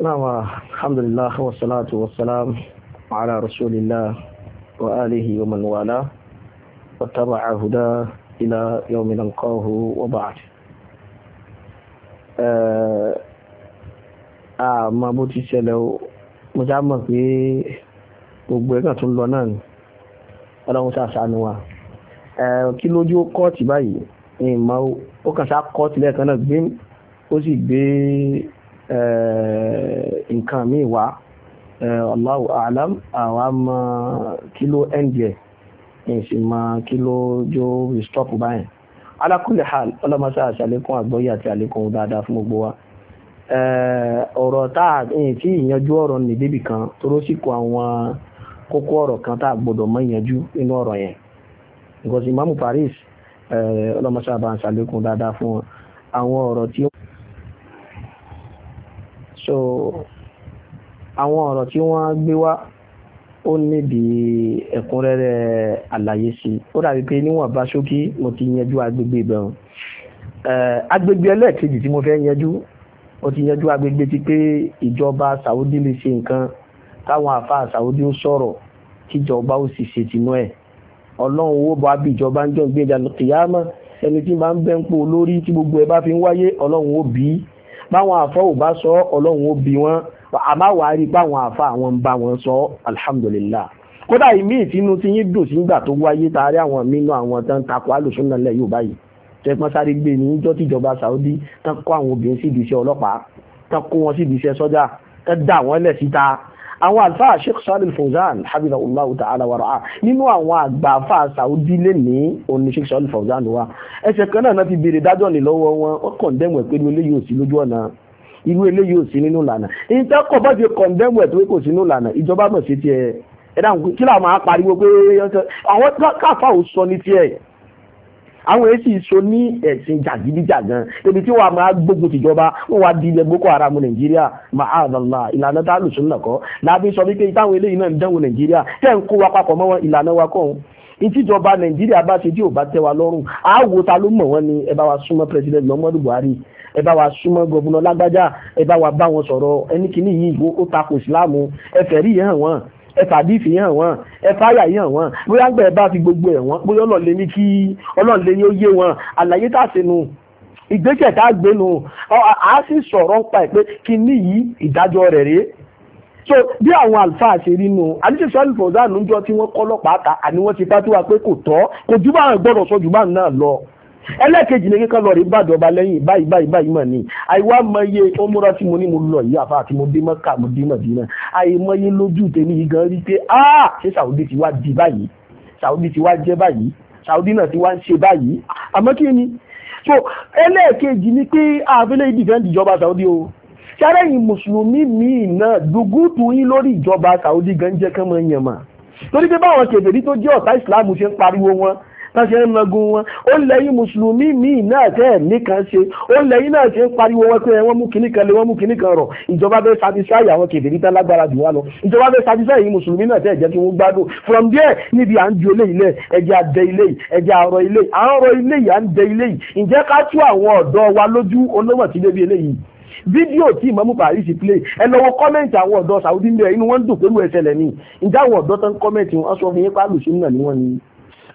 نعم الحمد لله والصلاة والسلام على رسول الله وآله ومن والاه واتبع هداه إلى يوم نلقاه وبعد àmọ́ bó ti ṣẹlẹ̀ o mo já mọ̀ pé gbogbo ẹ̀kan tó ń lọ náà ni ọlọ́run ṣàṣàánú wa kí lójú ó kọ́ọ̀tì báyìí ìmọ̀ ó kàn ṣá kọ́ọ̀tì lẹ́ẹ̀kan náà gbé ó sì gbé Eh, nǹkan mi wá eh, Allahu a'lam àwa mọ kí ló ẹ̀ǹdì ẹ̀ n sì mọ kí jó restop báyìí ala kulli hal ọlọ́mọṣẹ́ àṣàlékún àgbọ́yé àti àlékún dáadáa fún gbogbo wa eh, ọ̀rọ̀ tá a ìyanjú ọ̀rọ̀ kan toro sì kó àwọn kókó ọ̀rọ̀ kan tá a gbọ́dọ̀ mọ́ ìyanjú nínú ọ̀rọ̀ yẹn because Paris ọlọ́mọṣẹ́ àbá àṣàlékún dáadáa fún àwọn ọ̀rọ̀ tí so àwọn ọ̀rọ̀ tí wọ́n gbé wá ó níbi ẹ̀kúnrẹ́rẹ́ àlàyé sí ó dàbí pé níwọ̀n bá ṣókí mo ti yanjú agbègbè ìbẹ̀rùn agbègbè ẹlẹ́ẹ̀kejì tí mo fẹ́ yanjú ó ti yanjú agbègbè ti pé ìjọba Saudi lè ṣe nǹkan táwọn àfáà Saudi ó sọ̀rọ̀ kíjọba ó sì ṣe tinú ẹ̀ ọlọ́run owó bá bí ìjọba ń jọ ìgbéjà kìyàmọ́ ẹni tí máa ń bẹ́ ń tí gbogbo ẹ bá fi ń wáyé ọlọ́run ó bí i báwọn àfọ́ ò bá sọ ọlọ́run ó bi wọ́n àmá wà á rí báwọn àfọ́ àwọn ń bá wọn sọ alhamdulillah kódà ìmí ìtinú tí yín dùn sígbà tó wáyé taari àwọn mínú àwọn tán takò alùsùnà lẹ yóò báyìí tẹpọn sáré gbé ní ìjọ tíjọba Saudi tán kó àwọn obìnrin sídìí iṣẹ́ ọlọ́pàá tán kó wọn sídìí iṣẹ́ sọ́jà tán dá wọn lẹ̀ síta àwọn àlfà sheikh salil fawzan habibullahu ta'ala wa ra'a nínú àwọn àgbà àfà saudi lè ní òní sheikh salil fawzan wa ẹsẹ̀ kan náà ti béèrè dájọ́ ní lọ́wọ́ wọn ó kọ̀ndẹ́mù ẹ̀ pé eléyìí ò sí lójú ọ̀nà irú eléyìí ò sí nínú ìlànà èyí bá ti kọ̀ndẹ́mù ẹ̀ tó kò sí ìlànà ìjọba mọ̀ sí tiẹ̀ ẹ̀dá kí làwọn máa pariwo pé àwọn káfà ò sọ ní tiẹ̀ àwọn èsì ìṣó ní ẹ̀sìn jàgídíjàgan ibi tí wàá máa gbógun tìjọba wọn wá di ilẹ̀ boko haram nàìjíríà ma'adala ìlànà tá a lùsùn nàkọ́ láàbí sọ wípé táwọn eléyìí náà ń dánwò nàìjíríà tẹ́ ń kó wa papọ̀ mọ́ wọn ìlànà wa kọ́ ìtìjọba nàìjíríà bá ṣe tí ò bá tẹ́ wa lọ́rùn àáwò ta ló mọ̀ wọ́n ni ẹ bá wa súnmọ́ president muhammadu buhari ẹ bá wa súnmọ́ gọ́vùnà lágbájá ẹ bá wa bá wọn sọ̀rọ̀ ẹnikìíní yìí ó takò ìsìláàmù ẹ fẹ̀rí yẹn hàn wọ́n ẹ̀fàdí fi hàn wọ́n ẹ̀fáyà yàn wọ́n bóyá ń gbẹ̀ bá fi gbogbo ẹ̀ wọ́n bóyá ọlọ́ọ̀lẹ́ ní kí ọlọ́ọ̀lẹ́ ní ó yé wọn àlàyé tàṣínú ìgbésẹ̀ tá a gbé nu a sì sọ̀rọ̀ ń pa ẹ̀ pé kí ní yìí ìdájọ́ rẹ̀ rèé so bí àwọn àlùfáà ṣe rí nu àdìsí sọ́ọ̀lù fọ̀dánù jọ tí wọ́n kọ́ lọ́pàá ta àní wọ́n ti pátúwa pé kò tọ́ kò jùbọ̀ àwọn ìgbọ́dọ̀ sọ jùbọ̀ náà lọ ẹlẹ́ẹ̀kejì ní kíkọ́ lọ rí bàdàn ọba lẹ́yìn báyìí báyìí báyìí mà ní àìwá mọye ó múra tí mo ní mo lọ yìí àfa àti mo dé mọ́kà mo dé mọ̀dínà àìmọye lójú tèmi yìí gan rí pé áà ṣé Saudi ti wá di báyìí Saudi ti wá jẹ́ báyìí Saudi náà ti wá ń ṣe báyìí àmọ́ kí ni so ẹlẹ́ẹ̀kejì ni pé àfẹ́lẹ́ ìdìfẹ́ǹdì ìjọba Saudi o sárẹ́yìn mùsùlùmí míì náà dùgútù yín lórí ìjọba Saudi gan jẹ́ kán mọ́ yẹn mà torí pé báwọn kèfèrí tó jẹ́ ọ̀tá ìsìláàmù ṣe ń pariwo wọn tàṣẹ ń lọgun wọn ó lẹ́yìn mùsùlùmí míì náà tẹ́ ẹ̀ nìkan ṣe ó lẹ́yìn náà ṣe ń pariwo wọn pé wọ́n mú kinní kan lé wọ́n mú kinní kan rọ̀ ìjọba fẹ́ satisfy àwọn kèbèrè tán lágbára jù wá lọ ìjọba fẹ́ satisfy yìí mùsùlùmí náà tẹ́ ẹ̀ jẹ́ wọ́n gbádùn from there níbi à ń ju ilé ilẹ̀ ẹ̀jẹ̀ àdẹ ilé ẹ̀jẹ̀ àrọ̀ ilé à ń rọ ilé yìí à ń dẹ ilé yìí ǹjẹ́ ká tú àwọn ọ̀dọ́ wa lójú olówó fídíò tí ìmọ̀mú paris play ẹ lọ́wọ́ kọ́mẹ̀ntì àwọn ọ̀dọ́ saudi ń bẹ̀rẹ̀ inú wọn ń dùn pẹ̀lú ẹsẹ̀ lẹ́ni ǹjẹ́ àwọn ọ̀dọ́ tán kọ́mẹ̀ntì wọn sọ fún yín pálù sínú náà ni wọ́n ni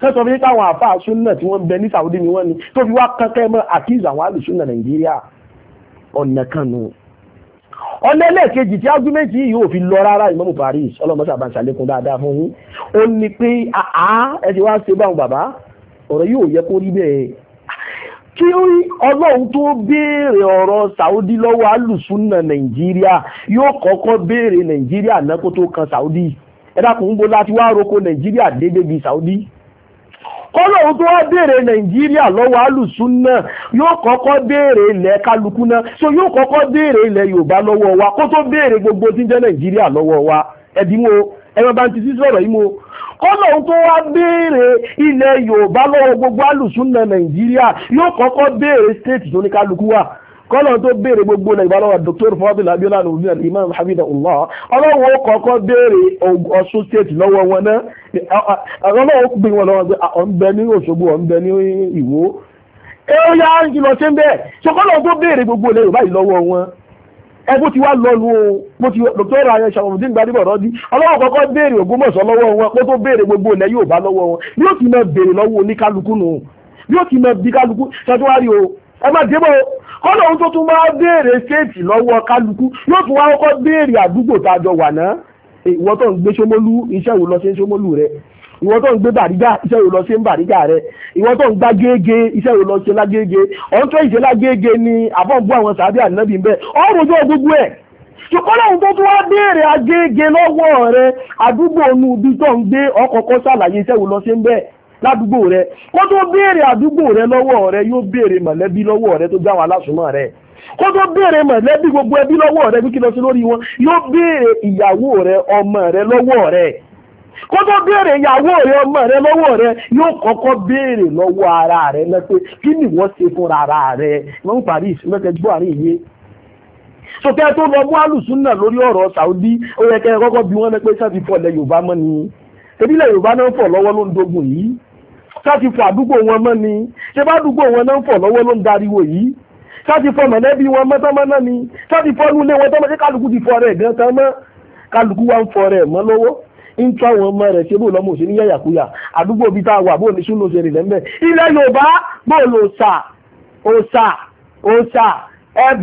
sẹ́tọ̀ bí káwọn àfa súnà tí wọ́n ń bẹ ní Saudi ni wọ́n ni tó fi wá kankan mọ́ àkíyèsí àwọn àlùsúnà Nàìjíríà ọ̀nà kan ọ̀nà ẹlẹ́ẹ̀kejì tí ágúmẹ́ntì yóò fi lọ rárá ìmọ̀mù Paris ọlọ́mọṣà bá ń ṣàlékún dáadáa fún yín ó ní pé àá ẹ ti wá ṣe báwọn bàbá ọ̀rọ̀ yóò yẹ Saudi lọ́wọ́ alùsùnà Nàìjíríà yóò kọ́kọ́ béèrè Nàìjíríà náà kó Saudi ẹ dákun ń bo láti wá roko Nàìjíríà dé débi Saudi kọ́lọ́hún tó wá béèrè nàìjíríà lọ́wọ́ alùsùn náà yóò kọ́kọ́ béèrè ilẹ̀ kálukú náà so yóò kọ́kọ́ béèrè ilẹ̀ yorùbá lọ́wọ́ wa kó tó béèrè gbogbo tí ń jẹ́ nàìjíríà lọ́wọ́ wa ẹ̀dín ẹ̀rọ bá ń ti yìí mo kọ́lọ́hún tó wá gbogbo alùsùn náà nàìjíríà yóò kọ́kọ́ béèrè stéètì kọ́lọ̀ tó béèrè gbogbo nàìjíríà lọ́wọ́ Dr. Fadil Abiola lòmìnira Imam Habibullah ọlọ́wọ́ kọ́kọ́ béèrè Ọ̀ṣun state lọ́wọ́ wọn náà ọlọ́wọ́ gbé wọn lọ́wọ́ pé ọ̀ ń bẹ ní Òṣogbo ọ̀ ń bẹ ní Ìwó ẹ̀rọ ya ìlọ ṣe ń bẹ́ẹ̀ ṣe kọ́lọ̀ tó béèrè gbogbo ilẹ̀ Yorùbá ìlọ́wọ́ wọn ẹ bó ti wá lọ́nu o bó ti Dr. ayọ̀ ṣàmùdín gbadébọ̀ rọ́dí ọlọ́wọ́ kọ́kọ́ béèrè Ògbómọ̀ṣọ́ lọ́wọ́ wọn pé tó béèrè gbogbo ilẹ̀ Yorùbá lọ́wọ́ wọn yóò ti máa béèrè lọ́wọ́ oníkálukú nù yóò ti máa bí kálukú ṣáájú o ẹ má débọ̀ kọ́nà ohun tó tún máa béèrè ṣéètì lọ́wọ́ kálukú yóò tún wá béèrè àdúgbò tá a jọ wà náà ìwọ tó ń gbé ṣómólú iṣẹ́ ìwò lọ sí ṣómólú rẹ tó ń rẹ tó ń gbá géègé iṣẹ́ ìwò lọ ni àwọn sàbí ànábì ojú ẹ̀ ohun tún wá béèrè agéègé lọ́wọ́ rẹ àdúgbò gbé ọkọ̀ọ̀kọ́ iṣẹ́ ìwò ládùúgbò rẹ kó tó béèrè àdúgbò rẹ lọ́wọ́ rẹ yóò béèrè mọ̀lẹ́bí lọ́wọ́ rẹ tó rẹ kó tó mọ̀lẹ́bí gbogbo ẹbí lọ́wọ́ rẹ bí kí lọ sí lórí wọn yóò béèrè ìyàwó rẹ ọmọ rẹ lọ́wọ́ rẹ kó tó béèrè ìyàwó rẹ ọmọ rẹ lọ́wọ́ rẹ yóò kọ́kọ́ béèrè lọ́wọ́ ara rẹ kí ni wọ́n ṣe fúnra ara rẹ ebílẹ̀ yorùbá náà ń fọ̀ lọ́wọ́ ló ń dogun yìí káti fọ àdúgbò wọn mọ́ ni ṣé bá àdúgbò wọn náà ń fọ̀ lọ́wọ́ ló ń dariwo yìí káti fọ mọ̀lẹ́bí wọn mọ́ tọ́mọ́ náà ni káti fọ inú ilé wọn tọ́mọ́ ṣé kálukú ti fọ rẹ̀ gan tán mọ́ kálukú wa ń fọ rẹ̀ mọ́ lọ́wọ́ ń tọ́ àwọn ọmọ rẹ̀ ṣe bó lọ́mọ òṣèlú yàyàkúyà àdúgbò bíi tá a wà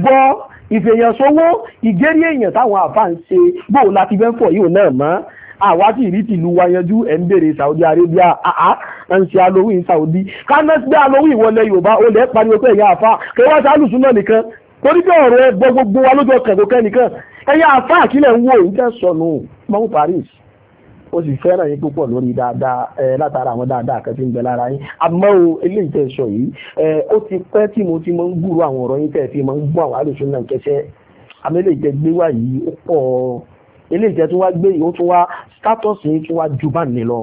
bó ní ìfèèyàn sówó ìgérí èèyàn táwọn àbá ń ṣe bó láti fẹ́ fọ̀ yìí ò náà mọ́ àwa sì rí tìlú wa yanjú ẹ̀ ń béèrè Saudi Arabia àá ń ṣe Halloween Saudi kánáà gbé Halloween wọlé Yorùbá olè pariwo pé ẹ̀yà àfa kí wọ́n ṣe alùsùn náà nìkan torí pé ọ̀rọ̀ ẹgbọ́ gbogbo wa lójọ kẹ̀kọ́kẹ́ nìkan ẹ̀yà àfa àkílẹ̀ ń wo ìjẹ́ sọnù mọ́mú Paris ó sì fẹ́ràn yín púpọ̀ lórí dáadáa ẹ látara àwọn dáadáa kan tí ń bẹ lára yín àmọ́ o eléyìí tẹ̀ sọ yìí ẹ ó ti pẹ́ tí mo ti máa ń gbúrò àwọn ọ̀rọ̀ yín tẹ̀ fi máa ń gbọ́ àwọn àlùsùn náà kẹsẹ́ àmọ́ eléyìí tẹ̀ gbé wá yìí ó pọ̀ ọ́ eléyìí tẹ́ tó wá gbé yìí tó wá status yìí tó wá ju bá ní lọ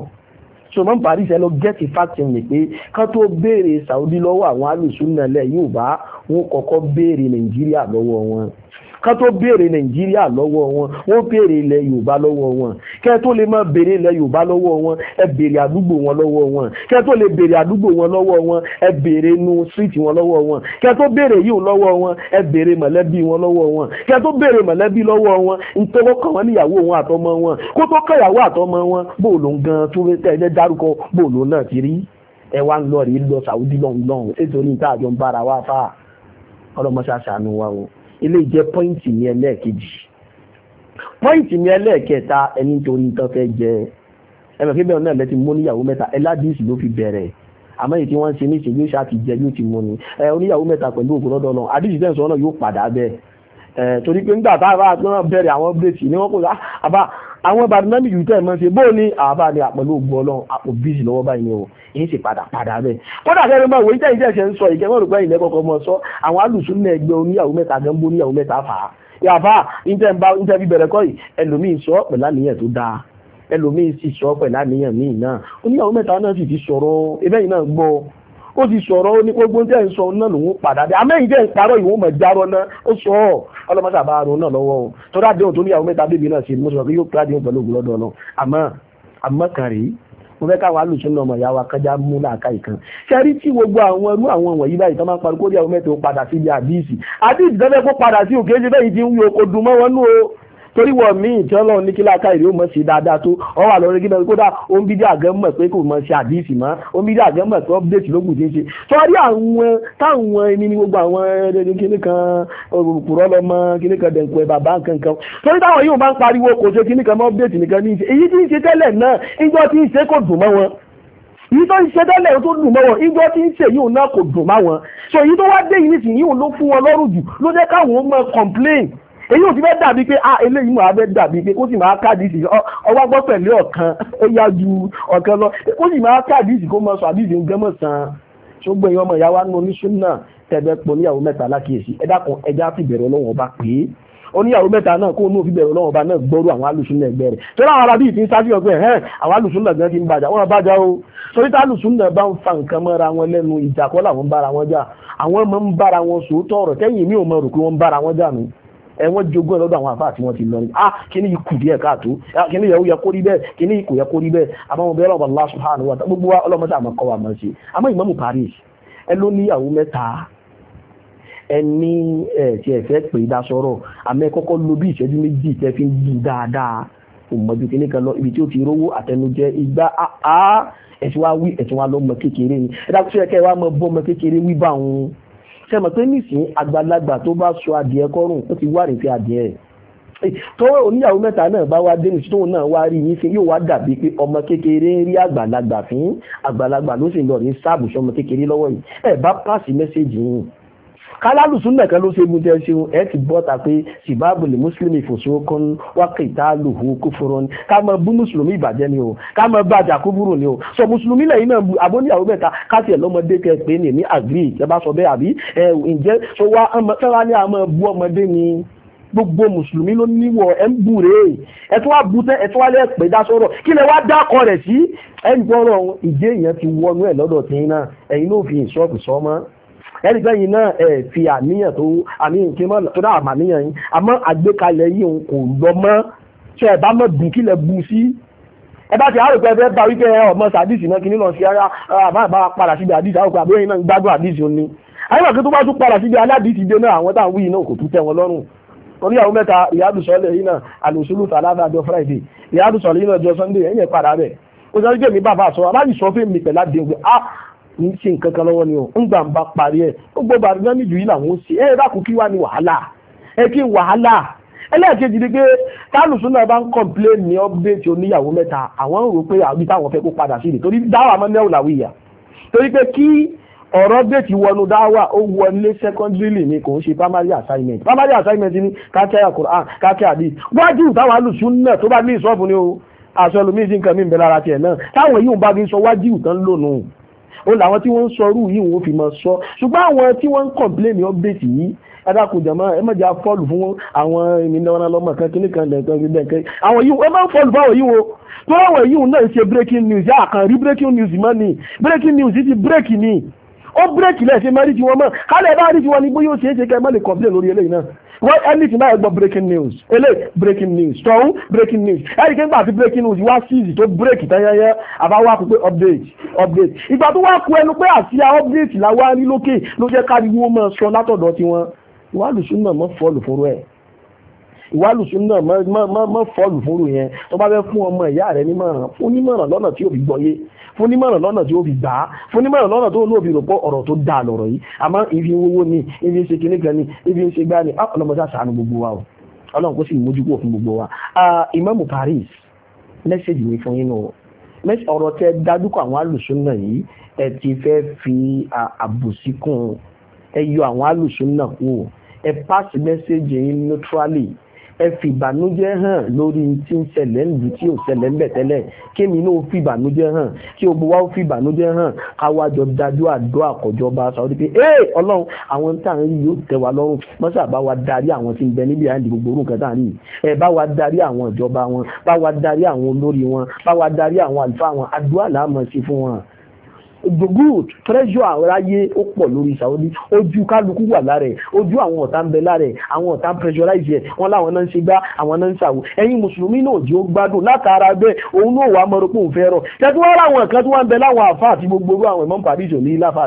so mọ́ parí ìṣẹ́ lọ gẹ́ẹ̀tì fáti ní pé kán tó béèrè Saudi lọ́wọ́ àwọn alùsùn náà lẹ̀ yóò bá wọn kọ́kọ́ béèrè Nàìjíríà lọ́wọ́ wọn kán tó béèrè nàìjíríà lọ́wọ́ wọn wọ́n béèrè ilẹ̀ yorùbá lọ́wọ́ wọn kẹ́ tó lè máa béèrè ilẹ̀ yorùbá lọ́wọ́ wọn ẹ béèrè àdúgbò wọn lọ́wọ́ wọn kẹ́ tó lè béèrè àdúgbò wọn lọ́wọ́ wọn ẹ béèrè inú síìtì wọn lọ́wọ́ wọn kẹ́ tó béèrè yìí lọ́wọ́ wọn ẹ béèrè mọ̀lẹ́bí wọn lọ́wọ́ wọn kẹ́ tó béèrè mọ̀lẹ́bí lọ́wọ́ wọn ntọ́wọ́ kàn wọ́n níyàwó wọn àtọmọ wọn kó tó kàyàwó àtọmọ wọn bó ló ń gan tó tẹ́lẹ̀ dárúkọ bó ló náà ti rí ẹ wá ń lọ rí lọ ilé jẹ́ pọ́ìntì ní ẹlẹ́ẹ̀kejì pọ́ìntì ní ẹlẹ́ẹ̀kẹta ẹni torí nǹkan fẹ́ jẹ ẹmọ kí bẹ́ẹ̀ náà lẹ́ti mú níyàwó mẹ́ta ẹládìsì ló fi bẹ̀rẹ̀ àmọ́ èyí tí wọ́n ń ṣe ní ìṣèlú ṣáà ti jẹ yóò ti mú ni ẹ oníyàwó mẹ́ta pẹ̀lú òkú lọ́dọ̀ náà àdìsì tẹ̀sán yóò padà bẹ́ẹ̀ Eh, torí pé nígbà táwọn àgbọn bẹ̀rẹ̀ àwọn bírèkì ni wọ́n kò sá àbá àwọn bàdínàmì yìí tẹ̀ mọ́ bóò ní àbá ni àpẹ̀lú ògbó ọlọ́run àpò bíìsì lọ́wọ́ báyìí ni o èyí sì padà padà bẹ́ẹ̀ kódà kẹrin mọ́ ìwé ìtẹ̀yìn tẹ̀sẹ̀ ń sọ ìkẹ́wọ́n rògbà ilẹ̀ kọ̀ọ̀kan mọ́ sọ àwọn alùsùn náà ẹgbẹ́ oníyàwó mẹ́ta gan bó oníyàwó mẹ́ta fà á yàfà ìtẹ̀bí bẹ̀rẹ̀ kọ́ yìí ẹlòmíì sọ pẹ̀lú àníyàn tó dáa ẹlòmíì sì sọ pẹ̀lú àníyàn míì náà oníyàwó mẹ́ta náà sì ti sọ̀rọ̀ ebẹ́yìn náà gbọ́ ó ti sọ̀rọ̀ ó ní gbogbo jẹ́ ń sọ náà lòun padà dé amẹ́yìn jẹ́ ń parọ́ ìwọ́n mọ̀ járọ́ náà ó sọ ọ́ ọlọ́mọṣà bá arun náà lọ́wọ́ o tó dá déhùn tó níyàwó mẹ́ta bébí náà ṣe mo sọ pé yóò pé àdéhùn pẹ̀lú ògùn lọ́dọ̀ náà àmọ́ àmọ́ kan rèé mo fẹ́ káwọn alùsùn náà mọ̀ ìyá wa kájá mú láàka ìkan ṣẹ́rí tí gbogbo àwọn irú àwọn wọ̀nyí báyìí tó máa ń parí kó rí àwọn mẹ́ta ó padà síbi àdíìsì àdíìsì tó fẹ́ kó padà sí òkè ṣe bẹ́ẹ̀ yìí ti ń wí oko o torí wọ míì tí ọlọ́run ní kí láàká ìlú mọ̀ sí dáadáa tó ọ wà lórí gíga kódà òun bídí àgẹ́ mọ̀ pé kò mọ̀ sí àdìsí mọ́ òun bídí àgẹ́ mọ̀ pé ọ́pdétì ló kù tí ń ṣe sọ́rí àwọn táwọn ẹni ní gbogbo àwọn ẹni kíní kan òpùrọ́ lọ́mọ kíní kan dẹ̀nkù ẹ̀ bàbá nǹkan kan torí táwọn yóò bá ń pariwo kò ṣe kíní kan mọ́ ọ́pdétì nìkan ní ṣe èyí tí ń ṣe tẹ́lẹ̀ náà ìjọ tí ń ṣe kò dùn mọ́ wọn yìí tó ń ṣe tẹ́lẹ̀ tó dùn mọ́ wọn ìjọ tí ń ṣe yìí náà kò dùn mọ́ wọn so èyí tó wá dé yìí nísìnyí ló fún wọn lọ́rùn jù ló jẹ́ káwọn ó mọ complain èyí ò ti fẹ́ dàbí pé ah eléyìí máa fẹ́ dàbí pé ó sì máa kádìsì ọwọ́ gbọ́ pẹ̀lú ọ̀kan ó yá ju ọ̀kan lọ ó sì máa kádìsì kó mọ sọ àdìsì ń gẹ́mọ̀ sàn ṣùgbọ́n èyí ọmọ ìyá wa ní oníṣúná tẹ̀bẹ̀ pọ̀ níyàwó mẹ́ta lákìyèsí ẹ dákun ẹja ti bẹ̀rẹ̀ ọlọ́wọ́n ọba pé oníyàwó mẹ́ta náà kó onú òfìbẹ̀rẹ̀ ọlọ́wọ́n ọba náà gbọ́rú àwọn alùsùnà ẹgbẹ́ rẹ̀ torí àwọn arábí ti ń sáfì ọgbẹ́ ẹ̀ àwọn alùsùnà gan ti ń bàjá wọn bàjá o torí tá alùsùnà bá ń fa nǹkan mọ́ra wọn lẹ́nu ìjà kọ́ làwọn ń bára wọn jà àwọn ọmọ ń bára wọn sòótọ́ ọ̀rọ̀ tẹ́yìn mi ò mọ̀ rò pé wọ́n ń bára wọn jà mí ẹ̀wọ́n jogún ẹ̀ lọ́dọ̀ àwọn àfáà tí wọ́n ti lọ rí ah kí ni yìí kù díẹ̀ káàtó ah, kí ni yẹ̀wò yẹ kó rí bẹ́ẹ̀ kí ni yìí kò yẹ kó rí bẹ́ẹ̀ àmọ́ mo bẹ̀rẹ̀ Allah subhanahu wa ta'ala gbogbo wa ọlọ́mọdé àmọ́ kọ́ wa mọ̀ sí àmọ́ Ìmámù Paris ẹ ló níyàwó mẹ́ta ẹni ẹ̀ tí ẹ fẹ́ pè é dasọ̀rọ̀ àmọ́ ẹ kọ́kọ́ lo bí ìṣẹ́jú méjì tẹ́ fi ń yí dáadáa òmọ̀jú kìíní kan lọ ibi tí ó ti rówó àtẹnujẹ sẹ́mọ̀ pé nísìnyí àgbàlagbà tó bá sọ adìẹ kọ́rùn ó ti wá rìnfẹ́ adìẹ rẹ̀ tọ́wọ́ oníyàwó mẹ́ta náà bá wá dé nìṣó náà wá rí yín sí yóò wá dàbí pé ọmọ kékeré ń rí àgbàlagbà fín àgbàlagbà ló sì lọ rí sáàbù sọmọ kékeré lọ́wọ́ yìí ẹ bá pàṣẹ mẹ́sẹ̀jì yìí kálálùsùn nìkan ló ṣe mú jẹ́ ṣe ẹ ti bọ́ta pé ṣìbáàbùlì mùsùlùmí fòṣókún wákìtá lòhù kúfúrún ká mọ bú mùsùlùmí ìbàjẹ́ ni o ká mọ bá àjàkúbúrò ni o sọ mùsùlùmí lẹ́yìn náà abóníyàwó mẹ́ta káṣí ẹ̀ lọ́mọdé kẹ pé ní èmi àgbì ẹ bá sọ bẹ́ẹ̀ àbí ẹ ǹjẹ́ sọ wá sọ́ra ní àmọ́ bú ọmọdé ni gbogbo mùsùlùmí ló níwọ̀ ẹ̀ ń bù rè é ẹ tún wá bu tẹ́ ẹ tún wá lẹ́ pẹ́ dá sọ̀rọ̀ kí lẹ wá dákọ rẹ̀ sí ẹ̀ ń gbọ́rọ̀ ìdí èèyàn ti wọnú ẹ̀ lọ́dọ̀ tí náà ẹ̀yin ló fi ìṣọ́ọ̀bù sọ́mọ́ ẹni pé yìí náà ẹ̀ fi àníyàn tó àníyàn kí mọ́ tó dá àmà níyàn yín àmọ́ àgbékalẹ̀ yìí òun kò lọ mọ́ ṣe ẹ̀ bá mọ̀ dùn kílẹ̀ bu sí ẹ bá ti àròpọ̀ ẹgbẹ́ bá wípé ọmọ sàdísì náà kìíní lọ sí ara àbá àbá padà síbi àdísì àròpọ̀ àbúrò yìí náà gbádùn àdísì òní àyẹ̀wò kí tó bá tún padà síbi aládìsí dé náà àwọn táwọn wíyì náà kò tún tẹ́ wọn lọ́rùn torí àwọn mẹ́ta ìyádùsọ́lẹ̀ yìí náà àlùsùlù tàlàdà àjọ friday ìyádùsọ́lẹ̀ yìí náà jọ sunday ẹ̀yìn padà bẹ̀ ó sọ wípé mi bàbá sọ abájì sọ fún mi pẹ̀lá dé pé ah kì í ṣe nǹkan kan lọ́wọ́ ni o ń gbà ń bá parí ẹ̀ ó gbọ́ bàrúgánì jù yìí làwọn ó ṣe ẹ dákun kí wá ní wàhálà ẹ kí wàhálà ẹlẹ́ẹ̀kejì ni pé tálùsùn náà bá ń complain ní update oníyàwó mẹ́ta àwọn rò pé àwọn táwọn fẹ́ kó padà sí ni torí dáwà máa ń náwó làwọn ìyà torí pé kí ọ̀rọ̀ déètì wọnú dáwà ó wọlé secondary ni kò ń ṣe primary assignment primary assignment ni kákẹ́yà Quran kákẹ́yà bíi wájú táwọn alùsùn náà tó bá ní ìṣọ́ọ̀bù ni o àṣọ ẹlòmíín sí nǹkan mí ń bẹ lára tiẹ̀ náà táwọn yìí ń ó làwọn tí wọ́n ń sọrú yìí wọ́n fi máa sọ ṣùgbọ́n àwọn tí wọ́n ń kọ̀ǹpléènì update yìí ẹ dákun jàmọ́ ẹ má jẹ́ fọ́ọ̀lù fún àwọn ìmìnira lọ́mọ kan kíní kan lẹ́ẹ̀kan lẹ́ẹ̀kan àwọn yìí ẹ má fọ́ọ̀lù fáwọn yìí wo tó àwọn yìí náà ṣe breaking news yà kàn rí breaking news mọ́ ni breaking news ti break ni ó bírèkì lẹ̀ ṣe mẹ́rìjì wọn mọ́ kálẹ̀ bá rí ju wọn ní bóyá ó ṣeé ṣe kẹ́ má lè complain lórí eléyìí náà wọ́n anything báyìí gbọ́ breaking news eléyìí breaking news tọ̀hún breaking news ẹ̀rí kí n gbà sí breaking news wá síìsì tó break tẹ́yẹyẹ àbáwá kú pé update update ìgbà tó wá ku ẹnu pé àsíá update làwọn á rí lókè ló jẹ́ káriwo mọ́ sọ látọ̀dọ̀ tiwọn ìwálùsùn náà mọ́ fọ́ọ̀lù fúnrú ẹ̀ ìwálùsùn náà mọ́ fọ́ọ̀lù fúnrú yẹn tó bá fẹ́ fún ọmọ ìyá rẹ̀ nímọ̀ràn fún nímọ̀ràn lọ́nà tí òbí gbọ́yé fún nímọ̀ràn lọ́nà tí ó fi gbà á fún nímọ̀ràn lọ́nà tó olóòbí rò pọ̀ ọ̀rọ̀ tó dáa lọ̀rọ̀ yìí àmọ́ ibi owó ni ibi ń ṣe kinní kan ni ibi ń ṣe gbá ni ah, ọlọ́mọdé àṣàánú gbogbo wa o ọlọ́run kó sì mójú kúrò gbogbo wa Imamu ah, Paris mẹ́sẹ̀jì mi fún yín o ọ̀rọ̀ tẹ dájúkọ àwọn alùsùnà yìí ẹ ti fẹ́ fi àbòsí kún ẹ yọ àwọn alùsùnà kú ẹ pass mẹ́sẹ̀jì yín neutrally ẹ fìbànújẹ́ hàn lórí tí ń ṣẹlẹ̀ ń bí tí ò ṣẹlẹ̀ ń bẹ̀ tẹ́lẹ̀ kémi náà fìbànújẹ́ hàn kí o bu wá fìbànújẹ́ hàn káwájọ dájú àdó àkọjọba sàwọn pé ẹ ọlọ́run àwọn tá à ń rí yóò tẹ́ wa lọ́rùn mọ́sà bá wa darí àwọn tí ń bẹ níbi àìndì gbogbo orúkọ tá à ń rí ẹ bá wa darí àwọn ìjọba wọn bá wa darí àwọn olórí wọn bá wa darí àwọn àlùfáà wọn àdúrà làá máa fún wọn the good treasure ráyé ó pọ̀ lórí Saudi ojú kálukú wà lára ẹ̀ ojú àwọn ọ̀tá ń bẹ lára ẹ̀ àwọn ọ̀tá ń pressurize ẹ̀ wọ́n láwọn náà ń ṣe gbá àwọn náà ń ṣàwò ẹ̀yin mùsùlùmí náà jẹ́ ó gbádùn látara bẹ́ẹ̀ òun náà wà á mọ̀rọ̀ pé òun fẹ́ rọ̀ tẹ́tí wọ́n ráwọn kan tí wọ́n ń bẹ láwọn àfa àti gbogbo àwọn ìmọ̀ Paris ò ní láfa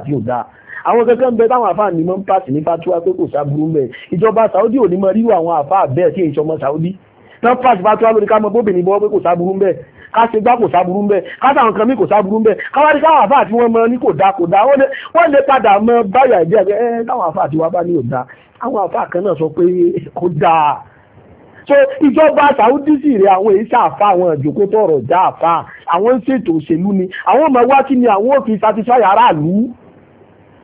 àwọn kankan ń bẹ táwọn àfa ní mọ́ ń pàṣẹ ní fatuwa pé kò sábúrú mẹ́ ìjọba Saudi ò ní mọ ríru àwọn àfa bẹ́ẹ̀ tí èyí sọmọ Saudi náà pàṣẹ fatuwa lórí ká mọ bóbìnrin bọ́ pé kò sábúrú mẹ́ ká ṣe gbá kò sáburú ń bẹ ká táwọn kan mí kò sáburú ń bẹ káwá ní káwọn àfáà tí wọ́n mọ ní kò dá kò dá wọ́n lè padà mọ báyà ìdí ẹ̀ ẹ́ káwọn tí wọ́n bá ní ò àwọn àfáà kan náà sọ pé kò dáa so ìjọba Saudi sì rẹ àwọn èyí ṣàfà àwọn ìjòkó tọrọ já àfà àwọn ń ṣètò òṣèlú ni àwọn ọmọ wa kí ni àwọn ò satisfy aráàlú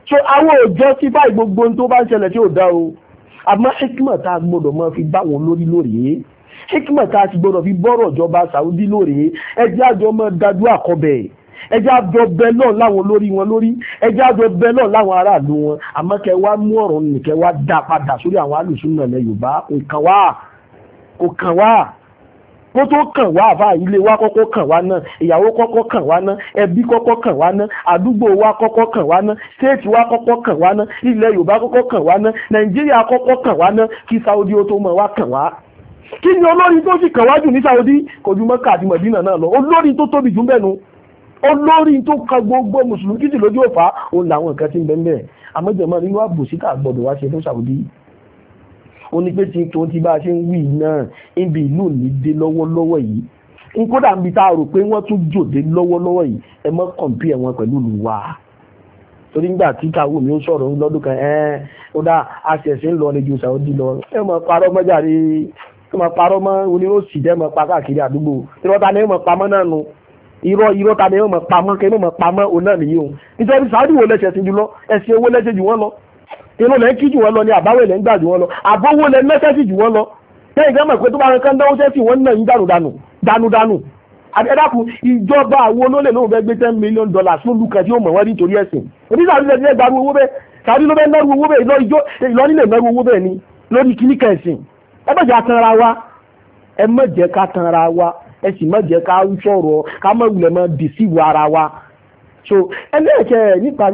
so àwọn òjọ sí báyìí gbogbo ohun tó bá ń ṣẹlẹ̀ tí ò dá o àmọ́ hikmọ̀ tá a gbọ́dọ̀ máa fi báwọn lórí lórí yìí hikima tá a ti gbọdọ̀ fi bọrọ ọjọba Saudi lóòrè ẹjẹ́ àjọ ọmọ dájú àkọbẹ̀ ẹjẹ́ àjọ náà láwọn lórí wọn lórí ẹjẹ́ àjọ bẹ́ẹ̀ náà láwọn aráàlú wọn àmọ́ kẹ wá mú ọ̀rọ̀ nìkẹ́ wá dá padà sórí àwọn alùsùn náà kò tó kàn wa kọ́kọ́ kàn wá náà ìyàwó kọ́kọ́ kàn wá náà ẹbí kọ́kọ́ kàn wá náà àdúgbò wa kọ́kọ́ kàn wá náà wa kọ́kọ́ kàn wá náà ilẹ̀ Yorùbá kọ́kọ́ kàn wá náà Saudi ó tó mọ̀ kí ni olórí tó sì kàwájú ní Saudi kò ju Mẹ́kà àti Mẹ̀dínà náà lọ olórí tó tóbi jù bẹ́ẹ̀ nu olórí tó ka gbogbo mùsùlùmí kìsì lójú òfà òun làwọn nǹkan ti ń bẹ́ẹ̀ bẹ́ẹ̀ àmọ́jọ̀mọ́ nínú àbòsí tá a gbọ́dọ̀ wá ṣe fún Saudi ó ní pé tí tó ti bá a ṣe ń wí náà ibi ìlú ní dé lọ́wọ́lọ́wọ́ yìí n kódà ń bi tá rò pé wọ́n tún jòdè lọ́wọ́lọ́wọ́ yìí ẹ mọ́ kọ̀m̀pì ẹ̀wọ̀n pẹ̀lú ìlú wa torí ngbà tí káwọ́ mi ó sọ̀rọ̀ lọ́dún kan ẹ̀ ó dá a ń lọ ní ju Saudi lọ ẹ mọ̀ parọ́ mọ́jáde tó mọ̀ parọ́ mọ́ oníròsì jẹ́ mọ̀ pa káàkiri àdúgbò irọ́ ta ni mọ̀ pamọ́ náà nu irọ́ irọ́ ta ni mọ̀ pamọ́ kí mọ̀ pamọ́ òun náà nìyí o nítorí sáúdì wo lẹ́sẹ̀ sí jùlọ ẹ̀sìn owó lẹ́sẹ̀ jù wọ́n lọ inú lẹ́ kí jù wọ́n lọ ni àbáwẹ̀ lẹ́ ń gbà jù wọ́n lọ àbówó lẹ́ mẹ́sẹ̀sì jù wọ́n lọ lẹ́yìn gbẹ́mọ̀ pé tó bá rẹ kán dánwó sẹ́sì wọ́n náà yín dànù dànù dànù dànù àdẹ́dàkùn ìjọba àwọn olólè lóun fẹ́ gbé ten million dollars lólu kan tí ó mọ̀ wọ́n rí torí ẹ̀sìn òbí sàbí lè fẹ́ gbaru owó bẹ́ẹ̀ sàbí ló fẹ́ nẹ́rù owó bẹ́ẹ̀ ìlọ́nílẹ̀ nẹ́rù owó bẹ́ẹ̀ ni lórí kíníkà ẹ̀sìn ẹ má jẹ́ atanra wa ẹ má jẹ́ ká tanra wa ẹ sì sọ̀rọ̀ ká wa so nípa